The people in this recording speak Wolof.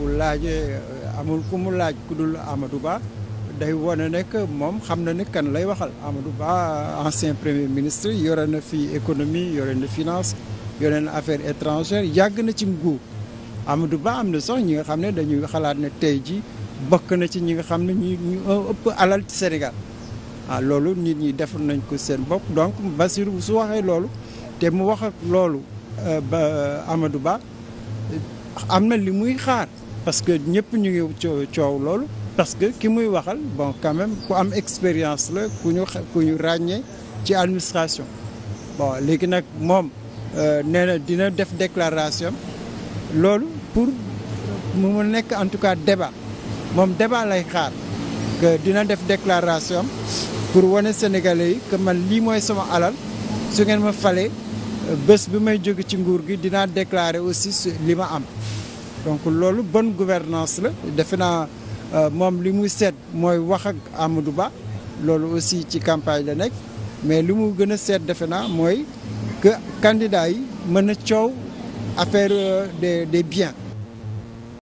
bu laajee eh, amul ku mu laaj ku dul amadu Ba day wane ne moom xam na ne kan lay waxal amadu Ba ancien premier ministre yore na fi économie yore na finance yore na affaires étrangères yàgg na ci nguur Amadou Ba am na sax ñi nga xam ne dañuy xalaat ne tey ji bokk na ci ñi nga xam ne ñu ëpp alal Sénégal ah loolu nit ñi defar nañ ko seen bopp donc Bassirou su waxee loolu te mu wax ak loolu eh, ba Ba am na li muy xaar parce que ñëpp ñu ngi coow loolu parce que ki muy waxal bon quand même ku am expérience la ku ñu ku ñu ràññee ci administration bon léegi nag moom euh, nee na dina def déclaration loolu pour mu nekk en tout cas débat moom débat lay xaar que dina def déclaration pour wane Sénégalais yi que man lii mooy sama alal su ngeen ma fale euh, bés bi may jóge ci nguur gi dinaa déclarer aussi li ma am donc loolu bonne gouvernance la defe naa euh, moom li muy seet mooy wax ak Amadou Ba loolu aussi ci campagne la nekk mais li mu gën a seet defe naa mooy que candidat yi mën a coow affaire euh, des des biens